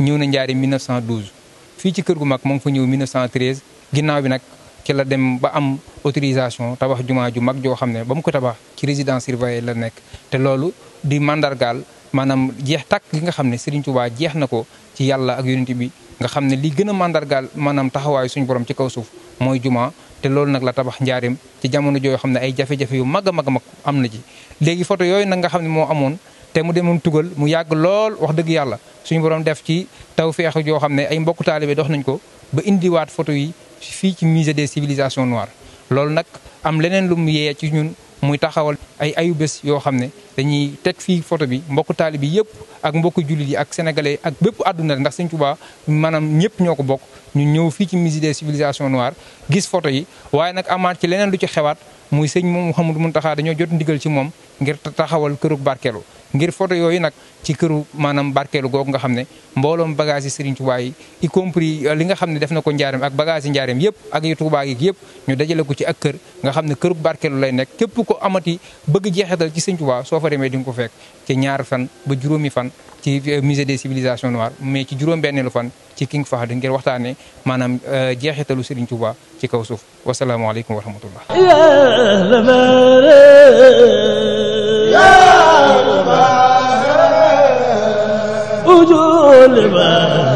ñëw na njaari 1912 fii ci kër gu mag moom fa ñëw 1913 ginnaaw bi nag ci la dem ba am autorisation tabax jumaa ju mag joo xam ne ba mu ko tabax ci résidence surveillée la nekk te loolu di mandargaal maanaam jeex takk gi nga xam ne Serigne Touba jeex na ko ci yàlla ak yonent bi nga xam ne li gën a mandargaal maanaam taxawaayu suñu borom ci kaw suuf mooy jumaa te loolu nag la tabax njaarim ci jamono joo xam ne ay jafe-jafe yu mag a mag a mag am na ci léegi photo yooyu nag te mu demoon tugal mu yàgg lool wax dëgg yàlla suñu borom def ci tawféex yoo xam ne ay mbokk taalibe dox nañ ko ba indiwaat photo yi fii ci musée des civilisations noires loolu nag am leneen lu mu ci ñun muy taxawal ay ayubés yoo xam ne dañuy teg fii photo bi mbokku taalibe yi yëpp ak mbokku jullit yi ak sénégalais ak bépp àdduna ndax Sëñ Tuubaa maanaam ñëpp ñoo ko bokk ñu ñëw fii ci musée de civilisations noires gis photo yi waaye nag amaat ci leneen du ci xewaat muy sëñ moom mun Mountakha dañoo jot ndigal ci moom ngir taxawal kërug barkeelu ngir photo yooyu nag ci këru maanaam barkeelu googu nga xam ne mbooloom bagage yi Serigne yi y euh, li nga xam ne def na ko njaareem ak bagage yi njaareem yëpp ak yu Touba yi yëpp ñu dajale ko ci ak kër nga xam ne kërug barkeelu lay nekk képp ko amati bëgg jeexital ci Serigne fa demee di nga ko fekk ci ñaar fan ba juróomi fan ci euh, musée des civilisations noires mais ci juróom-benneelu fan ci King Fahd ngir waxtaanee maanaam euh, jeexitalu Serigne Touba ci kaw suuf wasalaamaaleykum wa rahmatullah.